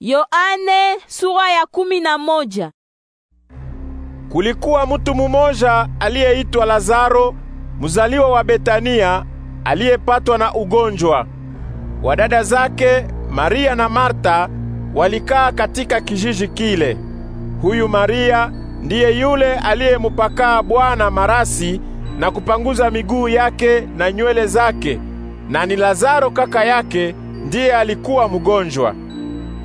Yoane sura ya kumi na moja. Kulikuwa mtu mumoja aliyeitwa Lazaro mzaliwa wa Betania aliyepatwa na ugonjwa. Wadada zake Maria na Marta walikaa katika kijiji kile. Huyu Maria ndiye yule aliyemupakaa Bwana marasi na kupanguza miguu yake na nywele zake, na ni Lazaro kaka yake ndiye alikuwa mgonjwa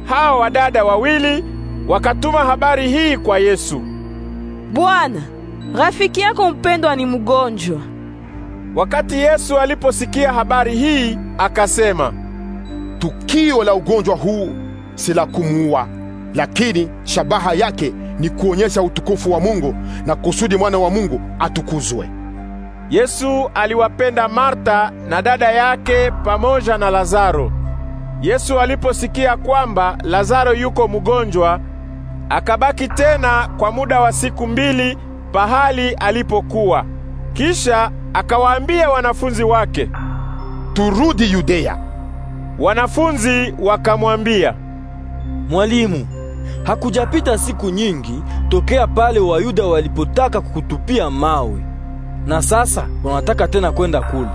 hao wadada wawili wakatuma habari hii kwa Yesu, Bwana, rafiki yako mpendwa ni mgonjwa. Wakati Yesu aliposikia habari hii akasema, tukio la ugonjwa huu si la kumuua, lakini shabaha yake ni kuonyesha utukufu wa Mungu na kusudi mwana wa Mungu atukuzwe. Yesu aliwapenda Marta na dada yake pamoja na Lazaro. Yesu aliposikia kwamba Lazaro yuko mgonjwa, akabaki tena kwa muda wa siku mbili pahali alipokuwa. Kisha akawaambia wanafunzi wake, turudi Yudea. Wanafunzi wakamwambia, Mwalimu, hakujapita siku nyingi tokea pale Wayuda walipotaka kukutupia mawe, na sasa wanataka tena kwenda kule.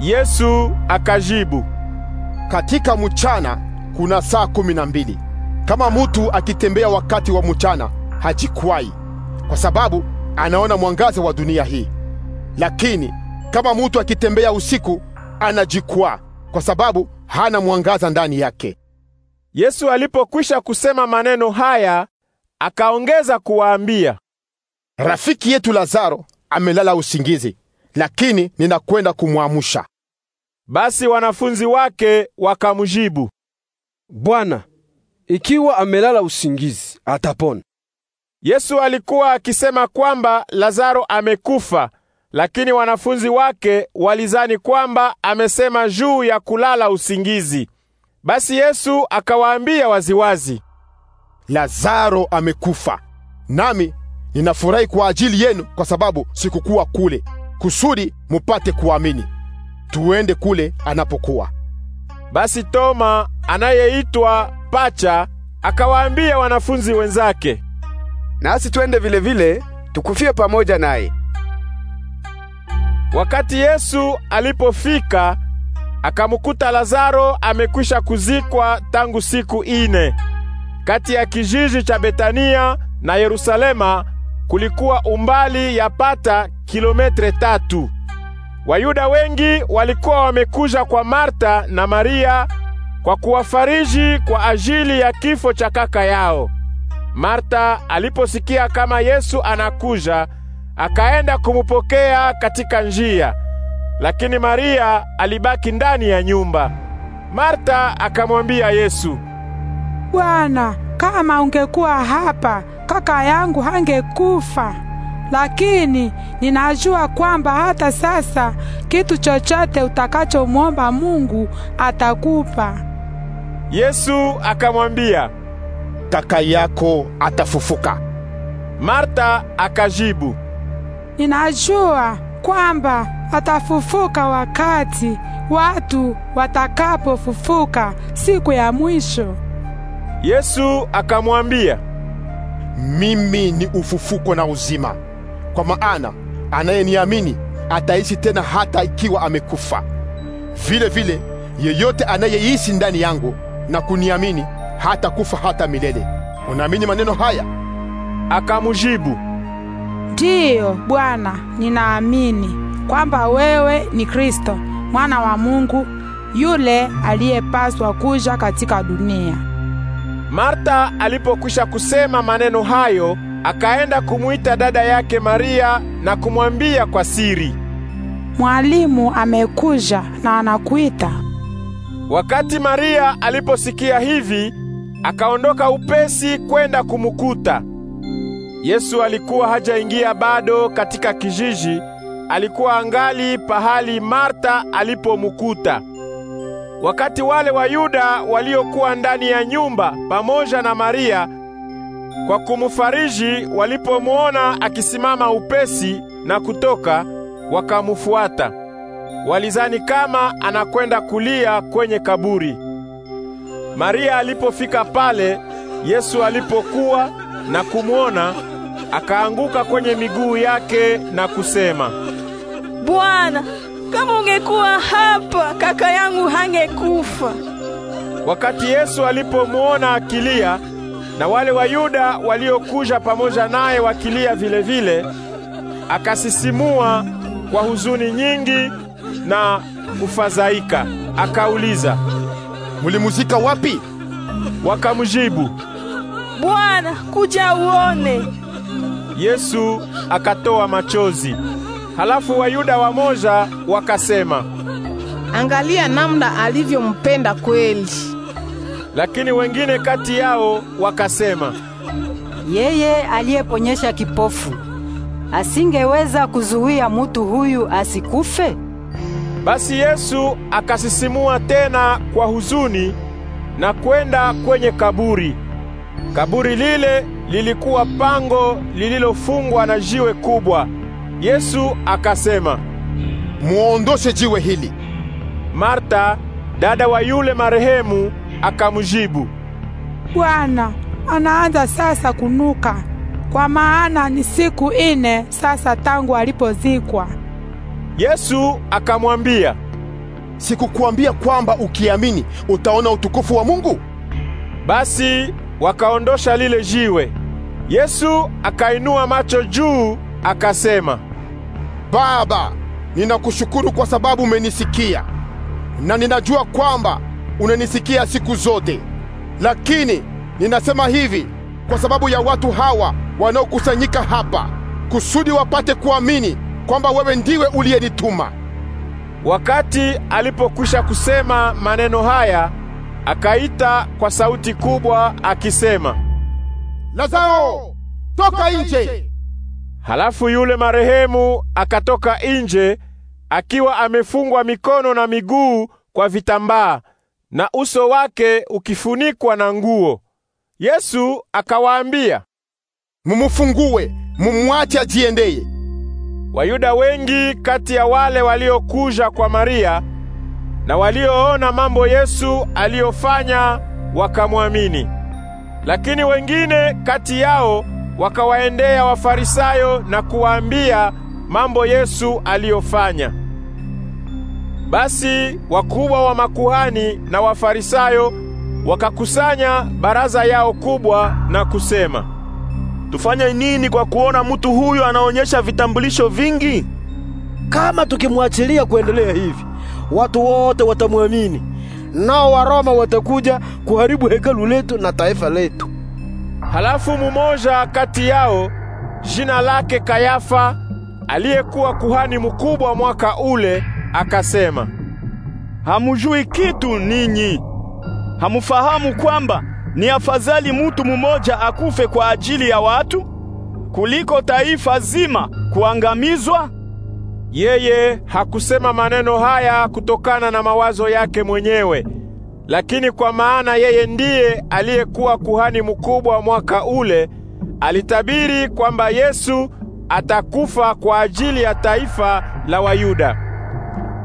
Yesu akajibu, katika mchana kuna saa kumi na mbili. Kama mutu akitembea wakati wa mchana hajikwai, kwa sababu anaona mwangaza wa dunia hii. Lakini kama mutu akitembea usiku anajikwaa, kwa sababu hana mwangaza ndani yake. Yesu alipokwisha kusema maneno haya, akaongeza kuwaambia, rafiki yetu Lazaro amelala usingizi, lakini ninakwenda kumwamsha. Basi wanafunzi wake wakamjibu, Bwana, ikiwa amelala usingizi atapona. Yesu alikuwa akisema kwamba Lazaro amekufa, lakini wanafunzi wake walizani kwamba amesema juu ya kulala usingizi. Basi Yesu akawaambia waziwazi, Lazaro amekufa. Nami ninafurahi kwa ajili yenu kwa sababu sikukuwa kule, kusudi mupate kuamini tuende kule anapokuwa. Basi Toma anayeitwa Pacha akawaambia wanafunzi wenzake, nasi twende vile vile tukufie pamoja naye. Wakati Yesu alipofika akamkuta Lazaro amekwisha kuzikwa tangu siku ine. Kati ya kijiji cha Betania na Yerusalema kulikuwa umbali ya pata kilometre tatu. Wayuda wengi walikuwa wamekuja kwa Marta na Maria kwa kuwafariji kwa ajili ya kifo cha kaka yao. Marta aliposikia kama Yesu anakuja, akaenda kumupokea katika njia, lakini Maria alibaki ndani ya nyumba. Marta akamwambia Yesu, Bwana, kama ungekuwa hapa, kaka yangu hangekufa lakini ninajua kwamba hata sasa kitu chochote utakachomwomba Mungu atakupa. Yesu akamwambia, kaka yako atafufuka. Marta akajibu, ninajua kwamba atafufuka wakati watu watakapofufuka siku ya mwisho. Yesu akamwambia, mimi ni ufufuko na uzima kwa maana anayeniamini ataishi tena hata ikiwa amekufa. Vile vile yeyote anayeishi ndani yangu na kuniamini hata kufa hata milele. Unaamini maneno haya? Akamujibu, ndiyo Bwana, ninaamini kwamba wewe ni Kristo mwana wa Mungu, yule aliyepaswa kuja katika dunia. Marta alipokwisha kusema maneno hayo akaenda kumwita dada yake Maria na kumwambia kwa siri, Mwalimu amekuja na anakuita. Wakati Maria aliposikia hivi, akaondoka upesi kwenda kumukuta. Yesu alikuwa hajaingia bado katika kijiji, alikuwa angali pahali Marta alipomukuta. Wakati wale Wayuda waliokuwa ndani ya nyumba pamoja na Maria kwa kumufariji walipomwona akisimama upesi na kutoka, wakamfuata. Walizani kama anakwenda kulia kwenye kaburi. Maria alipofika pale Yesu alipokuwa na kumwona, akaanguka kwenye miguu yake na kusema, Bwana, kama ungekuwa hapa kaka yangu hangekufa. Wakati Yesu alipomwona akilia na wale Wayuda waliokuja pamoja naye wakilia vilevile, akasisimua kwa huzuni nyingi na kufadhaika. Akauliza, mulimuzika wapi? Wakamjibu, Bwana, kuja uone. Yesu akatoa machozi. Halafu Wayuda wamoja wakasema, angalia namna alivyompenda kweli. Lakini wengine kati yao wakasema, yeye aliyeponyesha kipofu asingeweza kuzuia mutu huyu asikufe? Basi Yesu akasisimua tena kwa huzuni na kwenda kwenye kaburi. Kaburi lile lilikuwa pango lililofungwa na jiwe kubwa. Yesu akasema, muondoshe jiwe hili. Marta, dada wa yule marehemu, akamjibu, Bwana, anaanza sasa kunuka, kwa maana ni siku ine sasa tangu alipozikwa. Yesu akamwambia, sikukuambia kwamba ukiamini utaona utukufu wa Mungu? Basi wakaondosha lile jiwe. Yesu akainua macho juu akasema, Baba, ninakushukuru kwa sababu umenisikia, na ninajua kwamba unanisikia siku zote. Lakini ninasema hivi kwa sababu ya watu hawa wanaokusanyika hapa, kusudi wapate kuamini kwamba wewe ndiwe uliyenituma. Wakati alipokwisha kusema maneno haya, akaita kwa sauti kubwa akisema, Lazaro, toka nje! Halafu yule marehemu akatoka nje akiwa amefungwa mikono na miguu kwa vitambaa na uso wake ukifunikwa na nguo. Yesu akawaambia, mumufungue, mumwache ajiendeye. Wayuda wengi kati ya wale waliokuja kwa Maria na walioona mambo Yesu aliyofanya wakamwamini, lakini wengine kati yao wakawaendea Wafarisayo na kuwaambia mambo Yesu aliyofanya. Basi wakubwa wa makuhani na Wafarisayo wakakusanya baraza yao kubwa na kusema, tufanye nini kwa kuona mtu huyu anaonyesha vitambulisho vingi? Kama tukimwachilia kuendelea hivi, watu wote watamwamini, nao Waroma watakuja kuharibu hekalu letu na taifa letu. Halafu mmoja kati yao jina lake Kayafa, aliyekuwa kuhani mkubwa mwaka ule, akasema, hamujui kitu ninyi? Hamufahamu kwamba ni afadhali mutu mumoja akufe kwa ajili ya watu kuliko taifa zima kuangamizwa? Yeye hakusema maneno haya kutokana na mawazo yake mwenyewe, lakini kwa maana yeye ndiye aliyekuwa kuhani mkubwa mwaka ule, alitabiri kwamba Yesu atakufa kwa ajili ya taifa la Wayuda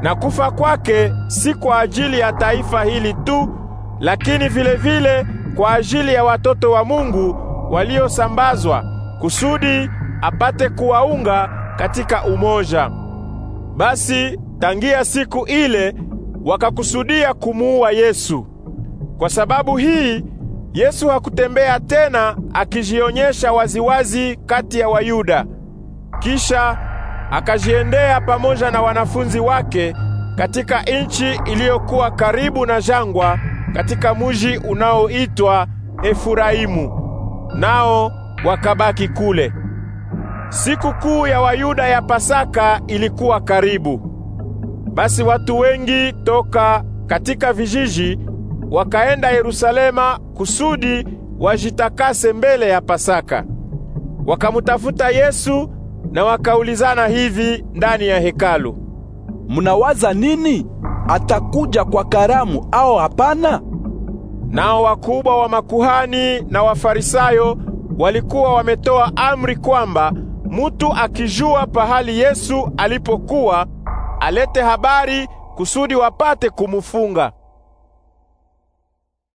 na kufa kwake si kwa ajili ya taifa hili tu, lakini vile vile kwa ajili ya watoto wa Mungu waliosambazwa kusudi apate kuwaunga katika umoja. Basi tangia siku ile wakakusudia kumuua Yesu. Kwa sababu hii Yesu hakutembea tena akijionyesha waziwazi kati ya Wayuda. Kisha akajiendea pamoja na wanafunzi wake katika nchi iliyokuwa karibu na jangwa, katika muji unaoitwa Efuraimu, nao wakabaki kule. Siku kuu ya Wayuda ya Pasaka ilikuwa karibu. Basi watu wengi toka katika vijiji wakaenda Yerusalema kusudi wajitakase mbele ya Pasaka. Wakamutafuta Yesu na wakaulizana hivi ndani ya hekalu, mnawaza nini? Atakuja kwa karamu au hapana? Nao wakubwa wa makuhani na Wafarisayo walikuwa wametoa amri kwamba mutu akijua pahali Yesu alipokuwa alete habari kusudi wapate kumufunga.